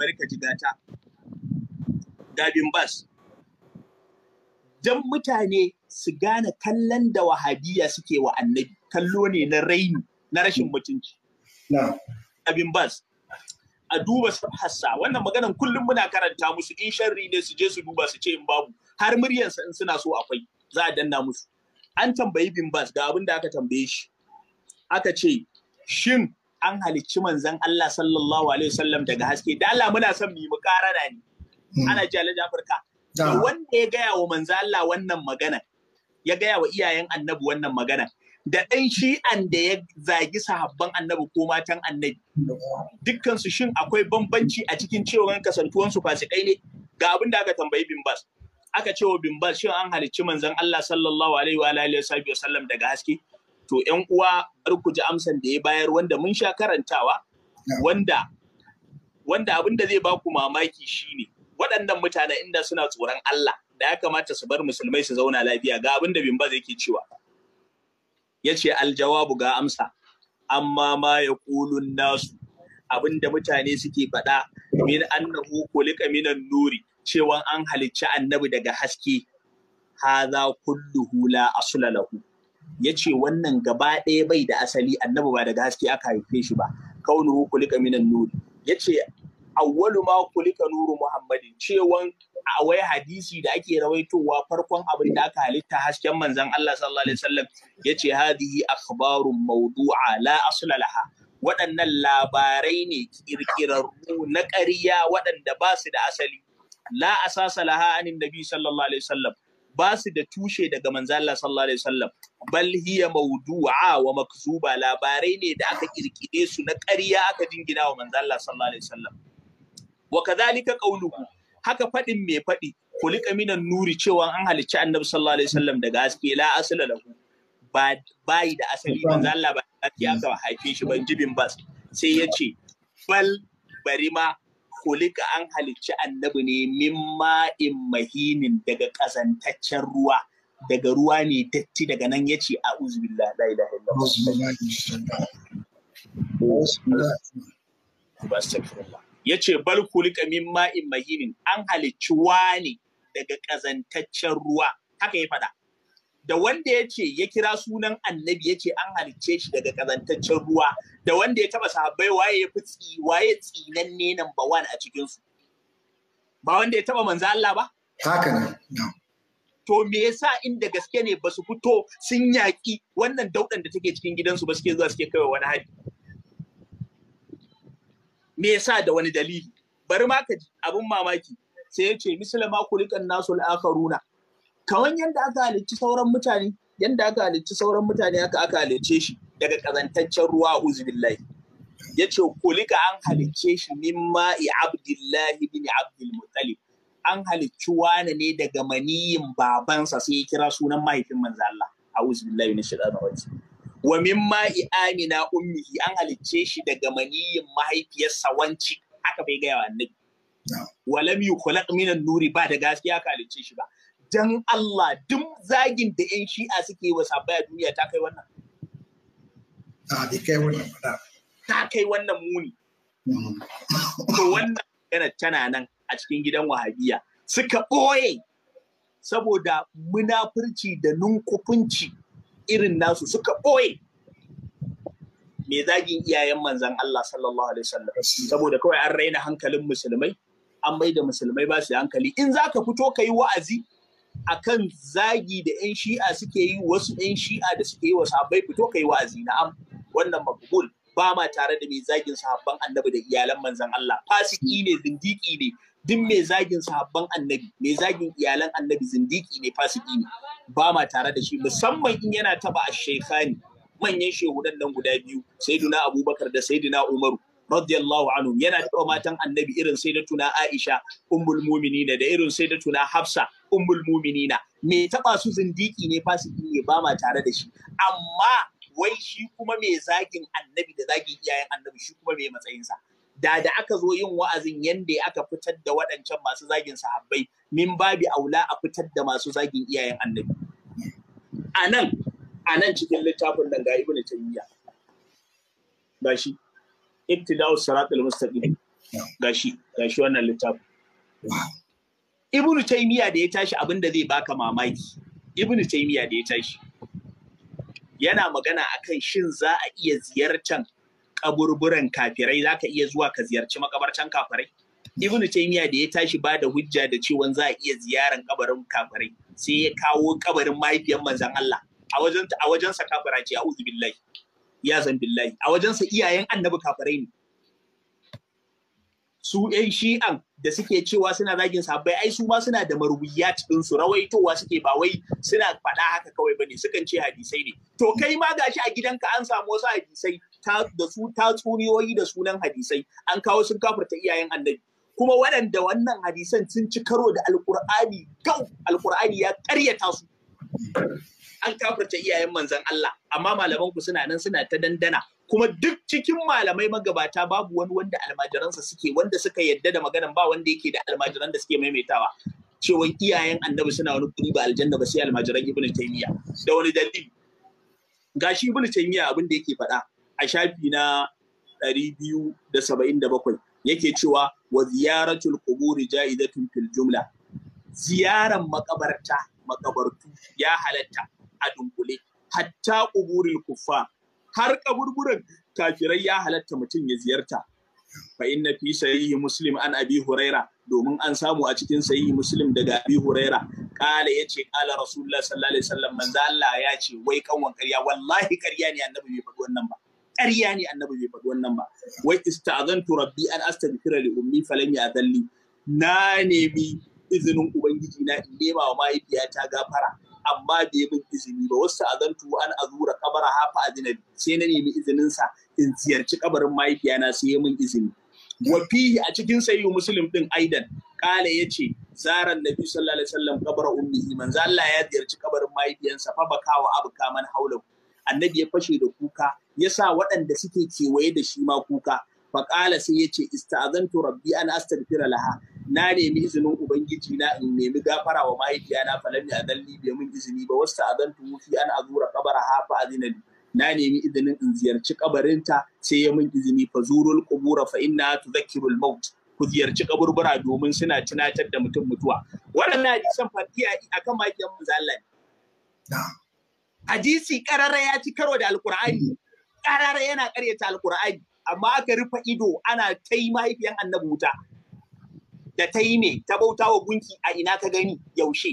bari ka ji gata gabin bas don mutane su gane kallon da wahabiya suke wa annabi kallo ne na raini na rashin mutunci abin bas a duba hassa wannan maganan kullum muna karanta musu in sharri ne su je su duba su ce in babu har muryansa in suna so akwai za a danna musu an tambayi bin bas ga abin da aka tambaye shi aka ce shin an halicci manzan Allah sallallahu alaihi wasallam daga haske da Allah muna son mu mukarana ne hmm. ana jalin Afirka wanda ya gaya wa manzon Allah wannan magana ya gaya wa iyayen annabi wannan magana da ɗan shi'an da ya zagi sahabban annabi ko matan annabi dukkansu shin akwai bambanci a cikin cewar kasantuwansu fasikai ne ga abin da aka tambayi bimbas. aka ce wa bimbas shin an halicci manzan Allah sallallahu alaihi wa alihi wasallam daga haske To ‘yan uwa bar ku ji amsan da ya bayar wanda mun sha karantawa wanda wanda abin da zai ba ku mamaki shine waɗannan mutane inda suna tsoron Allah da ya kamata su bar musulmai su zauna lafiya ga abin da Bimba zai ke cewa. Ya ce aljawabu ga amsa, amma ma ya kulun nasu abin da mutane suke faɗa min annahu kulika minan nuri cewa an halicci annabi daga haske haza kulluhu la asula lahu ya ce wannan gaba ɗaya bai da asali annabi ba daga haske aka haife shi ba kaunuhu kulika minan nuri ya ce awwalu ma kulika nuru muhammadin cewan a wai hadisi da ake rawaitowa farkon abin da aka halitta hasken manzon Allah sallallahu alaihi wasallam ce hadihi akhbarun mawdu'a la asla laha waɗannan labarai ne kirkirarru na ƙarya waɗanda ba su da asali la asasa laha anin nabi sallallahu alaihi wasallam ba su da tushe daga Manzala, Allah sallallahu alaihi wasallam bal hiya mawdu'a wa makzuba labarai ne da aka kirkire su na ƙarya aka jingina wa Manzala, sallallahu alaihi wasallam wa kadhalika qawluhu haka fadin mai fadi kulika minan nuri cewa an halicci annabi sallallahu alaihi wasallam daga haske la asla lahu ba bai da asali Manzala ba ya aka haife shi ban jibin bas sai ya ce bal barima. kulika an halicci annabi ne min ma'in mahinin daga ƙazantaccen ruwa daga ruwa ne datti daga nan ya ce a uzbillah la ya ce bal kulika min ma'in mahinin an halicci wani daga ƙazantaccen ruwa haka ya faɗa da wanda ya ce ya kira sunan annabi ya ce an halicce shi daga ƙazantaccen ruwa da wanda ya taba sahabbai waye ya fi tsi waye tsinanne number one a cikin su ba wanda ya taba manzo Allah ba haka ne to me yasa inda gaske ne basu fito sun yaƙi wannan daudan da take cikin gidansu ba suke zuwa suke kaiwa wani hari me yasa da wani dalili bari ma ka ji abin mamaki sai ya ce misalama kulikan nasu al'akaruna kamar yadda aka halicci sauran mutane yanda aka halicci sauran mutane aka aka halicce shi daga ƙazantaccen ruwa uzubillahi ya ce kulika an halicce shi min ma'i abdullahi bin abdul an halicci wani ne daga maniyin babansa sai ya kira sunan mahaifin manzo Allah na minash na wajen wa min ma'i amina ummihi an halicce shi daga maniyin mahaifiyarsa wanci aka bai gaya wa annabi walam yukhlaq minan nuri ba da gaskiya ka halicce shi ba dan Allah duk zagin da yan shi'a suke yi wa sabai duniya ta kai wannan a bai kai wannan ta kai wannan muni mm. to wannan tana nan a cikin gidan wahabiya suka ɓoye saboda munafurci da nunkufunci irin nasu suka ɓoye mai zagin iyayen manzan Allah sallallahu alaihi wasallam saboda kawai an raina hankalin musulmai an mai da musulmai ba su hankali in za ka fito ka yi wa'azi akan zagi da 'yan shi'a suke yi wasu 'yan shi'a da suke yi wa sahabbai fito kai wa'azi am wannan maqbul ba ma tare da mai zagin sahabban annabi da iyalan manzan Allah fasiki ne zindiki ne duk mai zagin sahabban annabi mai zagin iyalan annabi zindiki ne fasiki ne ba ma tare da shi musamman in yana taba a shekhani manyan shehudan nan guda biyu saiduna abubakar da saiduna umaru radiyallahu anhum yana taɓa matan annabi irin sai da tuna Aisha ummul muminina da irin sai da tuna Hafsa ummul muminina me taɓa su zindiki ne fasiki ne ba ma tare da shi amma wai shi kuma mai zagin annabi da zagin iyayen annabi shi kuma mai matsayinsa da da aka zo yin wa'azin yanda aka fitar da waɗancan masu zagin sahabbai min babi aula a fitar da masu zagin iyayen annabi a nan a nan cikin littafin nan ga ibnu taymiya ba shi iktida'u siratul mustaqim gashi gashi wannan littafin ibnu taymiya da ya tashi abin da zai baka mamaki ibnu taymiya da ya tashi yana magana akan shin za a iya ziyartan kaburburan kafirai zaka iya zuwa ka ziyarci makabartan kafirai ibnu taymiya da ya tashi ba da hujja da cewa za a iya ziyaran kabarin kafirai sai ya kawo kabarin mahaifiyar manzon Allah a wajen a wajen sa kafira ce a'udhu billahi ya zan billahi a wajensa iyayen annabi kafirai ne su yan shi'an da suke cewa suna zagin sahabbai ai su ma suna da marubiya cikin su rawaitowa suke ba wai suna faɗa haka kawai bane sukan ce hadisai ne to kai ma gashi a gidanka an samu wasu hadisai da su tatsuniyoyi da sunan hadisai an kawo sun kafurta iyayen annabi kuma waɗanda wannan hadisan sun ci karo da alkur'ani gau alkur'ani ya ƙaryata su an kafirta iyayen manzon Allah amma malaman ku suna nan suna ta dandana kuma duk cikin malamai magabata babu wani wanda almajiransa suke wanda suka yadda da maganan ba wanda yake da almajiran da suke maimaitawa cewa iyayen annabi suna wani kuri ba aljanna ba sai almajiran ibnu taymiya da wani dalili gashi ibnu taymiya abin da yake faɗa a shafi na 277 yake cewa wa ziyaratul qubur ja'idatun fil jumla ziyaran makabarta makabartu ya halatta a dunkule hatta kuburil kuffa, har kaburburan kafirai ya halatta mutum ya ziyarta fa inna fi sahihi muslim an abi huraira domin an samu a cikin sahihi muslim daga abi huraira kala yace kala rasulullah sallallahu alaihi wasallam manzo Allah ya ce wai kanwan ƙarya wallahi ƙarya ne annabi bai faɗi wannan ba ƙarya ne annabi bai faɗi wannan ba wai ista'zantu rabbi an astaghfira li ummi falam ya'dalli na nemi izinin ubangiji na in nema wa mahaifiyata gafara amma bai min izini ba wasu azantu an azura kabara hafa a azina sai na nemi izininsa in ziyarci kabarin mahaifiyana sai ya min izini wafihi a cikin sayi muslim ɗin aidan kala ya ce zaran nabi sallallahu alaihi wasallam kabar ummihi manzo Allah ya ziyarci kabarin mahaifiyansa fa abu abuka man ku." annabi ya fashe da kuka ya sa waɗanda suke kewaye da shi ma kuka faƙala sai ya ce ista'azantu rabbi an astaghfira laha na nemi izinin ubangiji na in nemi gafara wa mahaifiya na falan ya zalli bai mun izini ba wasu azantu fi an zura kabara hafa azinali na nemi izinin in ziyarci kabarinta sai ya min izini fa zurul qubura fa inna tudhakkirul maut ku ziyarci kaburbura domin suna tunatar da mutum mutuwa waɗannan hadisan fadiya akan mahaifiyar mu zallan hadisi ƙararra ya ci karo da alqur'ani Ƙararra yana ƙaryata alqur'ani amma aka rufe ido ana tai mahaifiyan annabi wuta da ta yi me ta bauta wa gunki a ina ka gani yaushe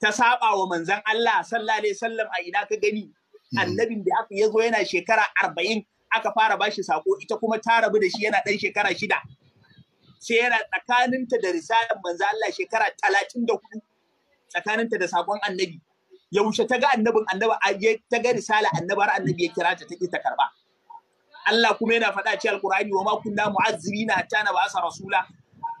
ta saba wa manzan Allah sallallahu alaihi wasallam a ina ka gani hmm. annabin da aka yazo yana shekara arba'in aka fara bashi sako ita kuma ta rabu da shi yana dan shekara shida sai yana tsakaninta da risalar manzon Allah shekara talatin da hudu tsakaninta da sakon annabi yaushe ta ga annabin annaba ta ga risala annabar annabi ya kira ta take ta karba Allah kuma yana faɗa cikin Alƙur'ani wa ma kunna mu'azzibina ta na ba'asa rasula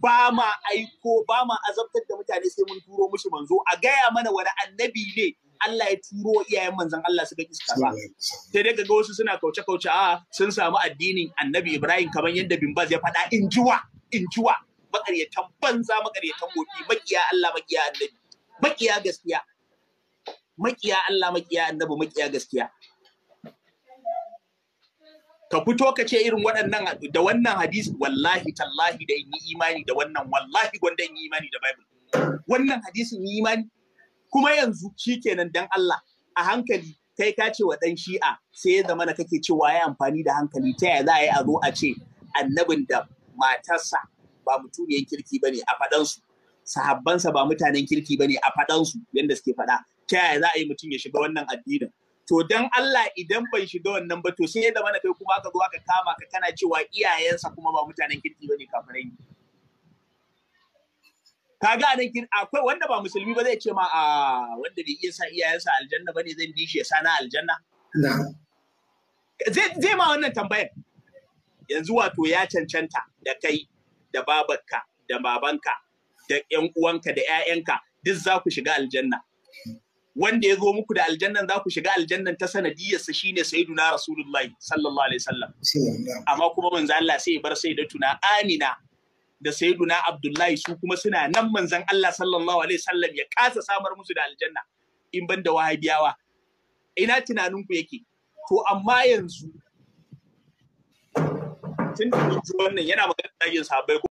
ba ma aiko ba ma azabtar da mutane sai mun turo mushi manzo a gaya mana wani annabi ne Allah ya turo iyayen manzon Allah su ga iska. ba sai dai kaga wasu suna kauce kauce a sun samu addinin annabi Ibrahim kamar yadda bin Baz ya faɗa injuwa injuwa makaryatan banza makaryatan gobe makiya Allah makiya annabi makiya gaskiya makiya Allah makiya annabi makiya gaskiya ka fito ka ce irin waɗannan da wannan hadisi wallahi tallahi da in yi imani da wannan wallahi gwanda in yi imani da bible wannan hadisin yi imani kuma yanzu shi kenan dan Allah a hankali kai ka ce wa dan shi'a sai ya zama na kake cewa ya amfani da hankali ta yaya za a yi a zo a ce annabin da matarsa ba yin kirki bane a faɗansu sahabbansa ba mutanen kirki ba ne a faɗansu yadda suke faɗa ta yaya za a yi mutum ya shiga wannan addinin to dan Allah idan ban shiga wannan ba to sai da mana kai kuma aka zo aka kama ka kana cewa iyayensa kuma ba mutanen kirki bane kafirai kaga anan kin akwai wanda ba musulmi ba zai ce ma a ah, wanda bai iya sa iyayensa aljanna bane zan bi shi ya sa na aljanna zai zai ma wannan tambayar yanzu wato ya cancanta da kai da babarka da babanka da ƴan uwanka da ƴaƴanka duk za ku shiga aljanna wanda ya zo muku da aljannan za ku shiga aljannan ta sanadiyarsa shine sayyiduna rasulullahi sallallahu alaihi wasallam amma kuma manzo Allah sai ya bar tuna amina da sayyiduna abdullahi su kuma suna nan manzon Allah sallallahu alaihi wasallam ya kasa samar musu da aljanna in ban da wahabiyawa ina tunanin ku yake to amma yanzu tun da wannan yana magana da sahabbai